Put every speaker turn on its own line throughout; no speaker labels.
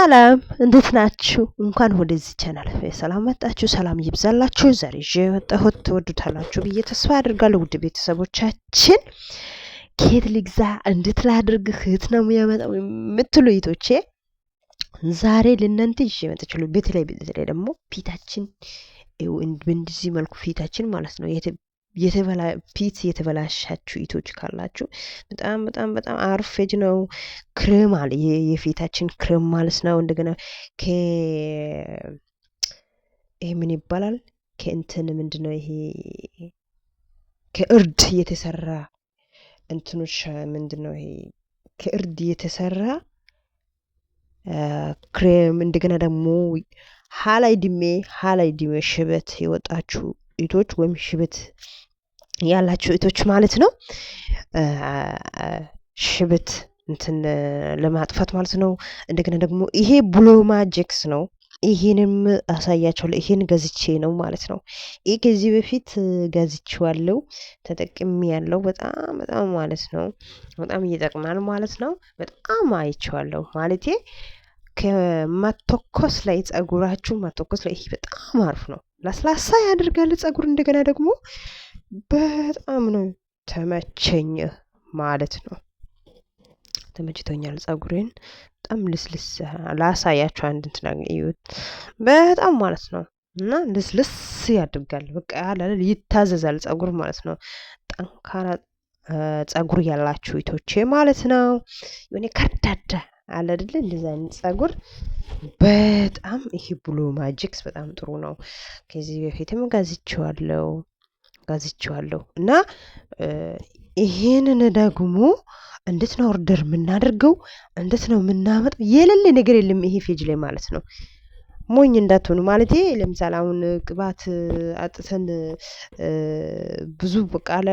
ሰላም እንዴት ናችሁ? እንኳን ወደዚህ ቻናል ሰላም መጣችሁ። ሰላም ይብዛላችሁ። ዛሬ ይዤ የመጣሁት ትወዱታላችሁ ብዬ ተስፋ አድርጋለሁ። ውድ ቤተሰቦቻችን ኬት ልግዛ፣ እንዴት ላድርግ፣ እህት ነው የሚያመጣው የምትሉ ይቶቼ ዛሬ ልናንተ ይዤ መጥቻለሁ። በተለይ በተለይ ደግሞ ፊታችን እንደዚህ መልኩ ፊታችን ማለት ነው ፒት የተበላሻችሁ ኢቶች ካላችሁ በጣም በጣም በጣም አርፌጅ ነው። ክሬም አለ የፊታችን ክሬም ማለት ነው። እንደገና ይሄ ምን ይባላል? ከእንትን ምንድን ነው ይሄ ከእርድ የተሰራ እንትኖች ምንድን ነው ይሄ ከእርድ የተሰራ ክሬም። እንደገና ደግሞ ሀላይ ድሜ ሀላይ ድሜ ሽበት የወጣችሁ ኢቶች ወይም ሽበት ያላችሁ እህቶች ማለት ነው ሽብት እንትን ለማጥፋት ማለት ነው። እንደገና ደግሞ ይሄ ብሎማ ጄክስ ነው። ይሄንም አሳያቸዋለሁ። ይሄን ገዝቼ ነው ማለት ነው። ይህ ከዚህ በፊት ገዝቼዋለሁ፣ ተጠቅሚ ያለው በጣም በጣም ማለት ነው። በጣም እየጠቅማል ማለት ነው። በጣም አይቼዋለሁ ማለቴ ከመተኮስ ላይ ጸጉራችሁ መተኮስ ላይ ይሄ በጣም አሪፍ ነው። ላስላሳ ያደርጋል ጸጉር እንደገና ደግሞ በጣም ነው ተመቸኝ ማለት ነው። ተመችቶኛል። ጸጉሬን በጣም ልስልስ ላሳያችሁ አንድ እንትን በጣም ማለት ነው እና ልስልስ ያድርጋል። በቃ ያላለል ይታዘዛል ጸጉር ማለት ነው። ጠንካራ ጸጉር ያላችሁ እህቶቼ ማለት ነው። የሆነ ከርዳዳ አለ አይደለ? እንደዛ አይነት ጸጉር በጣም ይሄ ብሉ ማጂክስ በጣም ጥሩ ነው። ከዚህ በፊትም ጋዝቼዋለሁ። አዘጋዝቼዋለሁ እና ይሄንን ደግሞ እንዴት ነው ኦርደር የምናደርገው? እንዴት ነው የምናመጣው? የሌለ ነገር የለም ይሄ ፌጅ ላይ ማለት ነው። ሞኝ እንዳትሆኑ ማለት ለምሳሌ አሁን ቅባት አጥተን ብዙ በቃለ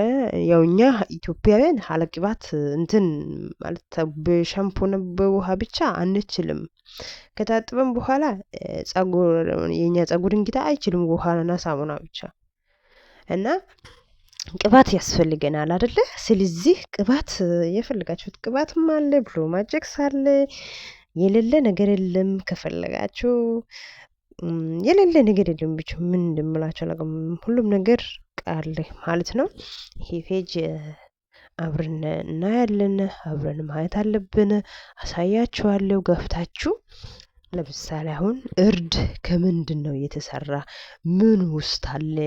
ያው እኛ ኢትዮጵያውያን ሀለ ቅባት እንትን ማለት በሻምፖነ በውሃ ብቻ አንችልም። ከታጥበን በኋላ ጸጉር የኛ ጸጉር እንግዳ አይችልም ውሃና ሳሙና ብቻ እና ቅባት ያስፈልገናል አደለ? ስለዚህ ቅባት የፈለጋችሁት ቅባትም አለ፣ ብሎ ማጀክስ አለ፣ የሌለ ነገር የለም። ከፈለጋችሁ የሌለ ነገር የለም። ብቻ ምን እንደምላችሁ ሁሉም ነገር ቃል ማለት ነው። ይሄ ፔጅ አብረን እናያለን፣ አብረን ማየት አለብን። አሳያችኋለሁ ገፍታችሁ ለምሳሌ አሁን እርድ ከምንድን ነው የተሰራ? ምን ውስጥ አለ?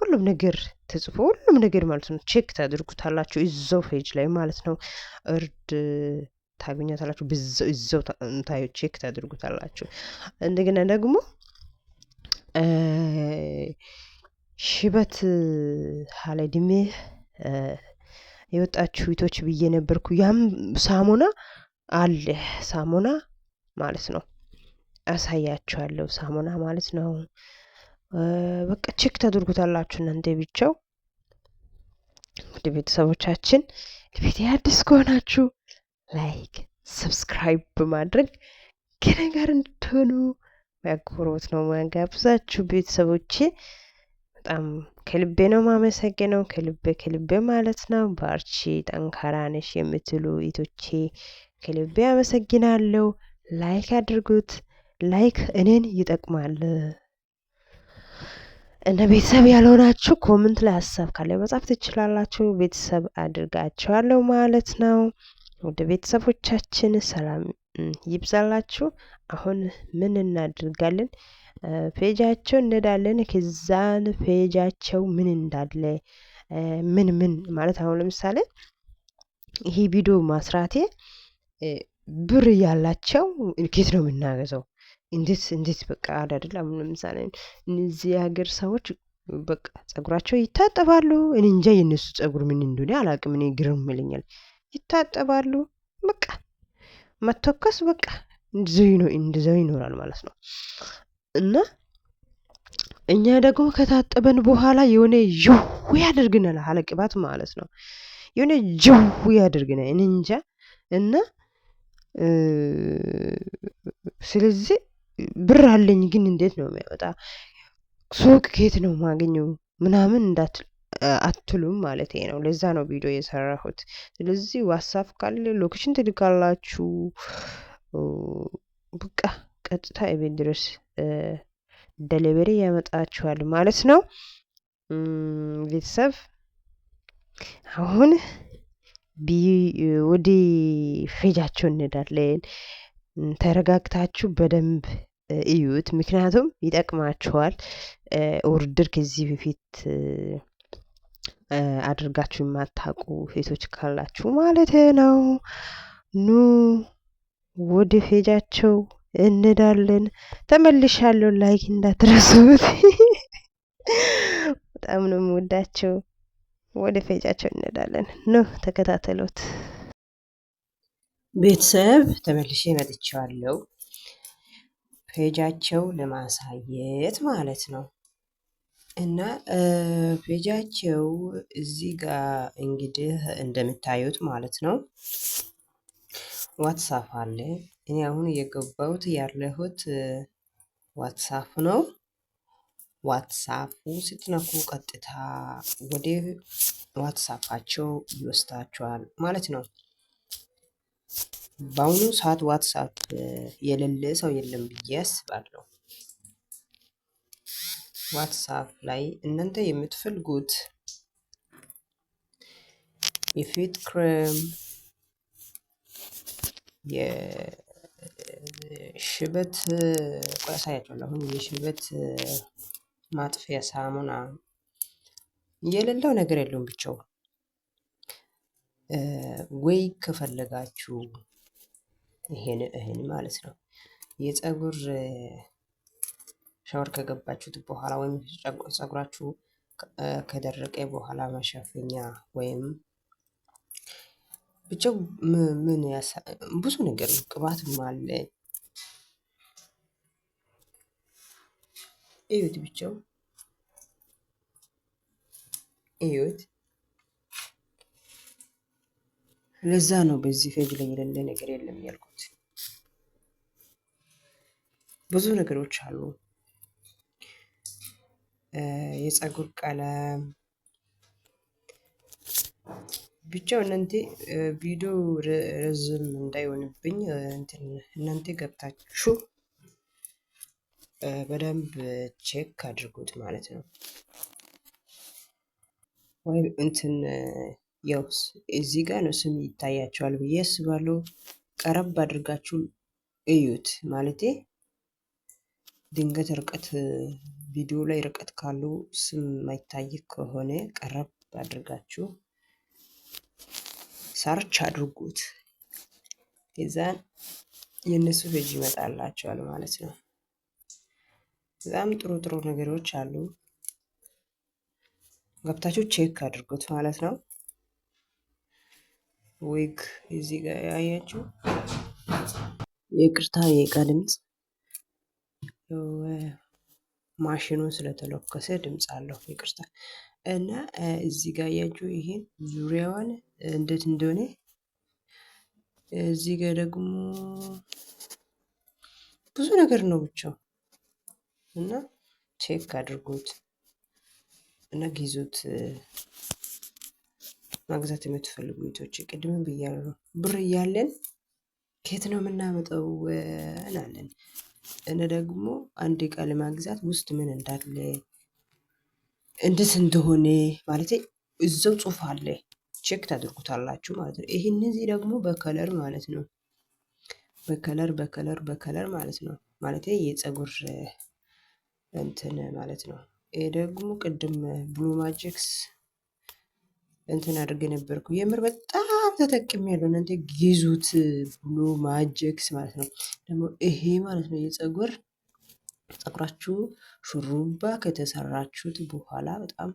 ሁሉም ነገር ተጽፎ ሁሉም ነገር ማለት ነው ቼክ ታደርጉታላችሁ እዛው ፔጅ ላይ ማለት ነው። እርድ ታገኛታላችሁ እዛው ታዩ ቼክ ታደርጉታላችሁ። እንደገና ደግሞ ሽበት ሀላይ ድሜ የወጣችሁ ቶች ብዬ ነበርኩ። ያም ሳሙና አለ ሳሙና ማለት ነው። አሳያችኋለሁ። ሳሙና ማለት ነው። በቃ ቼክ ተደርጉታላችሁ እናንተ ብቻው። ውድ ቤተሰቦቻችን ለቤት አዲስ ከሆናችሁ ላይክ፣ ሰብስክራይብ በማድረግ ከኔ ጋር እንድትሆኑ በአክብሮት ነው ማጋብዛችሁ ቤተሰቦቼ። በጣም ከልቤ ነው ማመሰግነው። ከልቤ ከልቤ ማለት ነው። ባርቺ ጠንካራ ነሽ የምትሉ ኢቶቼ ከልቤ አመሰግናለሁ። ላይክ አድርጉት። ላይክ እኔን ይጠቅማል። እነ ቤተሰብ ያልሆናችሁ ኮመንት ላይ ሀሳብ ካለ መጻፍ ትችላላችሁ። ቤተሰብ አድርጋችኋለሁ ማለት ነው። ወደ ቤተሰቦቻችን ሰላም ይብዛላችሁ። አሁን ምን እናድርጋለን? ፔጃቸው እንሄዳለን። ከዛን ፔጃቸው ምን እንዳለ ምን ምን ማለት አሁን ለምሳሌ ይሄ ቪዲዮ ማስራቴ ብር ያላቸው ኬት ነው የምናገዘው እንዴት እንዴት በቃ አዳድል አሁን ለምሳሌ እነዚህ ሀገር ሰዎች በቃ ጸጉራቸው ይታጠባሉ። እኔ እንጃ የእነሱ ጸጉር ምን እንደሆነ አላውቅም። እኔ ግርም ይለኛል። ይታጠባሉ በቃ መተኮስ በቃ እንደዛው ይኖራል ማለት ነው። እና እኛ ደግሞ ከታጠበን በኋላ የሆነ ይሁ ያደርግናል አለ ቅባት ማለት ነው። የሆነ ይሁ ያደርግናል እኔ እንጃ እና ስለዚህ ብር አለኝ ግን እንዴት ነው የሚያወጣ ሱቅ ከየት ነው የማገኘው ምናምን እንዳትል አትሉም ማለት ነው። ለዛ ነው ቪዲዮ የሰራሁት። ስለዚህ ዋትሳፕ ካለ ሎኬሽን ትልካላችሁ። በቃ ቀጥታ ኢቤት ድረስ ደሊቨሪ ያመጣችኋል ማለት ነው። ቤተሰብ አሁን ወደ ፌጃቸው እንሄዳለን። ተረጋግታችሁ በደንብ እዩት። ምክንያቱም ይጠቅማችኋል። ውድድር ከዚህ በፊት አድርጋችሁ የማታውቁ ሴቶች ካላችሁ ማለት ነው። ኑ ወደ ፌጃቸው እንዳለን ተመልሻለሁ። ላይክ እንዳትረሱት። በጣም ነው የምወዳቸው። ወደ ፌጃቸው እንዳለን ኑ ተከታተሉት። ቤተሰብ ተመልሼ መጥቻለሁ። ፔጃቸው ለማሳየት ማለት ነው እና ፔጃቸው እዚህ ጋር እንግዲህ እንደምታዩት ማለት ነው ዋትሳፕ አለ። እኔ አሁን የገባሁት ያለሁት ዋትሳፕ ነው። ዋትሳፑ ስትነኩ ቀጥታ ወደ ዋትሳፓቸው ይወስዳችኋል ማለት ነው። በአሁኑ ሰዓት ዋትሳፕ የሌለ ሰው የለም ብዬ አስባለሁ። ዋትሳፕ ላይ እናንተ የምትፈልጉት የፊት ክሬም፣ የሽበት ቆሳ ያለሁን የሽበት ማጥፊያ ሳሙና የሌለው ነገር የለውም ብቻው ወይ ከፈለጋችሁ ይሄን እህን ማለት ነው የፀጉር ሻወር ከገባችሁት በኋላ ወይም ፀጉራችሁ ከደረቀ በኋላ መሸፈኛ ወይም ብቻ ምን ብዙ ነገር ነው። ቅባትም አለ እዩት፣ ብቻው እዩት። ለዛ ነው በዚህ ፔጅ ላይ የሌለ ነገር የለም ያልኩት። ብዙ ነገሮች አሉ። የፀጉር ቀለም ብቻው እናንተ ቪዲዮ ረዝም እንዳይሆንብኝ እናንተ ገብታችሁ በደንብ ቼክ አድርጉት ማለት ነው ወይ እንትን ያው እዚህ ጋር ነው ስም ይታያቸዋል ብዬ አስባለሁ። ቀረብ አድርጋችሁ እዩት። ማለቴ ድንገት ርቀት ቪዲዮ ላይ ርቀት ካሉ ስም ማይታይ ከሆነ ቀረብ አድርጋችሁ ሳርች አድርጉት። የዛን የእነሱ ፔጅ ይመጣላቸዋል ማለት ነው። በጣም ጥሩ ጥሩ ነገሮች አሉ። ገብታችሁ ቼክ አድርጉት ማለት ነው። ዊግ እዚህ ጋር ያያችሁ የቅርታ የእቃ ድምፅ ማሽኑን ስለተለኮሰ ድምፅ አለው። ይቅርታ እና እዚህ ጋር ያያችሁ ይሄን ዙሪያዋን እንዴት እንደሆነ እዚህ ጋር ደግሞ ብዙ ነገር ነው ብቻው እና ቼክ አድርጉት እና ጊዙት። ማግዛት የምትፈልጉ ቤቶች ቅድም ነው። ብር እያለን ከየት ነው የምናመጣው እላለን። እነ ደግሞ አንድ እቃ ለማግዛት ውስጥ ምን እንዳለ እንዴት እንደሆነ ማለት እዛው ጽሑፍ አለ፣ ቼክ ታደርጉታላችሁ ማለት ነው። ይህ እነዚህ ደግሞ በከለር ማለት ነው፣ በከለር በከለር በከለር ማለት ነው። ማለት የጸጉር እንትን ማለት ነው። ይሄ ደግሞ ቅድም ብሉ ማጂክስ እንትን አድርገ ነበርኩ። የምር በጣም ተጠቅሚ ያለው እናንተ ግዙት። ብሎ ማጀክስ ማለት ነው። ደግሞ ይሄ ማለት ነው የጸጉር ፀጉራችሁ ሹሩባ ከተሰራችሁት በኋላ በጣም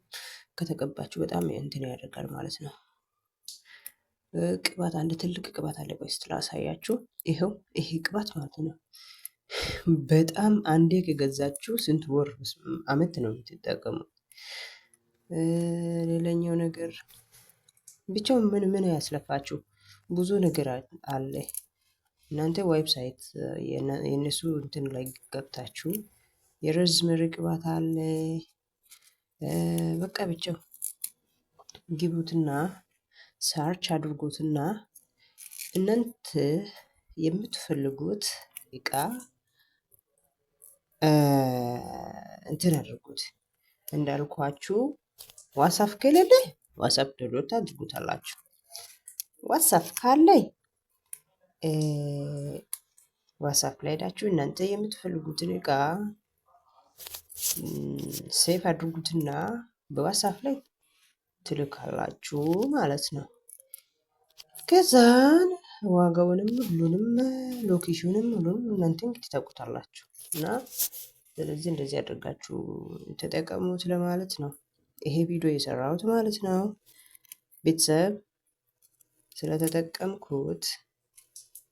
ከተቀባችሁ በጣም እንትን ያደርጋል ማለት ነው። ቅባት አንድ ትልቅ ቅባት አለ። ቆይ ስትላሳያችሁ ይኸው ይሄ ቅባት ማለት ነው። በጣም አንዴ ከገዛችሁ ስንት ወር አመት ነው የምትጠቀሙት? ሌላኛው ነገር ብቻው ምን ምን ያስለፋችሁ ብዙ ነገር አለ። እናንተ ዌብሳይት የእነሱ እንትን ላይ ገብታችሁ የረዝመሪ ቅባት አለ። በቃ ብቻው ግቡትና ሳርች አድርጉትና እናንተ የምትፈልጉት እቃ እንትን አድርጉት። እንዳልኳችሁ ዋሳፍ ከሌለ ዋትሳፕ ዳውንሎድ ታድርጉታላችሁ። ዋትሳፕ ካለይ ዋትሳፕ ላይ ሄዳችሁ እናንተ የምትፈልጉትን እቃ ሴፍ አድርጉትና በዋትሳፕ ላይ ትልካላችሁ ማለት ነው። ከዛን ዋጋውንም ሁሉንም ሎኬሽንም ሁሉንም እናንተ እንግዲህ ታውቁታላችሁ እና ስለዚህ እንደዚህ አድርጋችሁ ተጠቀሙት ለማለት ነው። ይሄ ቪዲዮ የሰራሁት ማለት ነው። ቤተሰብ ስለተጠቀምኩት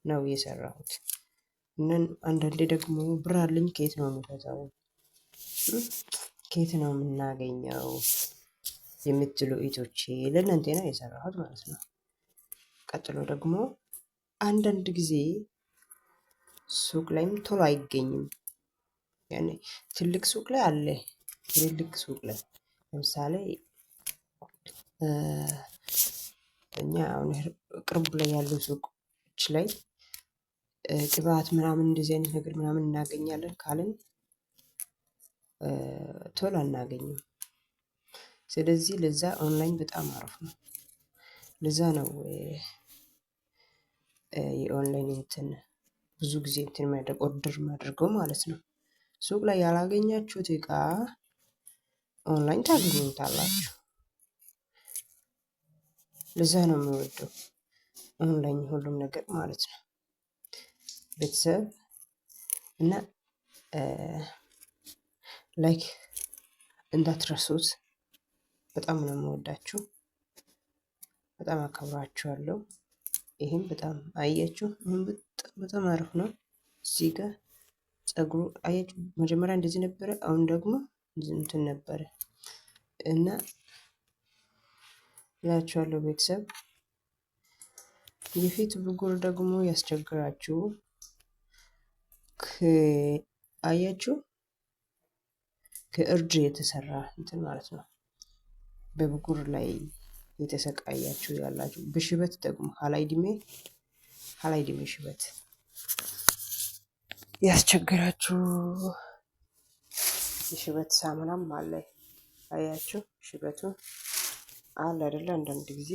ነው የሰራሁት። እነን አንዳንዴ ደግሞ ብር አለኝ ከየት ነው የምገዛው ከየት ነው የምናገኘው የምትሉ ኢቶቼ ለእናንተ ነው የሰራሁት ማለት ነው። ቀጥሎ ደግሞ አንዳንድ ጊዜ ሱቅ ላይም ቶሎ አይገኝም። ያኔ ትልቅ ሱቅ ላይ አለ ትልልቅ ሱቅ ላይ ለምሳሌ እኛ አሁን ቅርቡ ላይ ያለው ሱቆች ላይ ቅባት ምናምን እንደዚህ አይነት ነገር ምናምን እናገኛለን ካልን ቶሎ አናገኝም። ስለዚህ ለዛ ኦንላይን በጣም አሪፍ ነው። ለዛ ነው የኦንላይን እንትን ብዙ ጊዜ እንትን ማድረግ ኦርደር ማድረገው ማለት ነው። ሱቅ ላይ ያላገኛችሁት እቃ ኦንላይን ታገኙታላችሁ። ለዛ ነው የምወደው ኦንላይን ሁሉም ነገር ማለት ነው። ቤተሰብ እና ላይክ እንዳትረሱት። በጣም ነው የምወዳችሁ፣ በጣም አከብራችኋለሁ። ይህም በጣም አያችሁ፣ በጣም አሪፍ ነው። እዚህ ጋር ጸጉሩ አያችሁ፣ መጀመሪያ እንደዚህ ነበረ፣ አሁን ደግሞ እንትን ነበረ እና እላችኋለሁ ቤተሰብ የፊት ብጉር ደግሞ ያስቸግራችሁ አያችሁ፣ ከእርድ የተሰራ እንትን ማለት ነው። በብጉር ላይ የተሰቃያችሁ ያላችሁ በሽበት ደግሞ ሀላይ ድሜ ሀላይ ድሜ ሽበት ያስቸግራችሁ የሽበት ሳሙናም አለ። አያችሁ ሽበቱ አለ አይደለ? አንዳንድ ጊዜ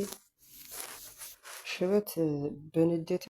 ሽበት በንዴት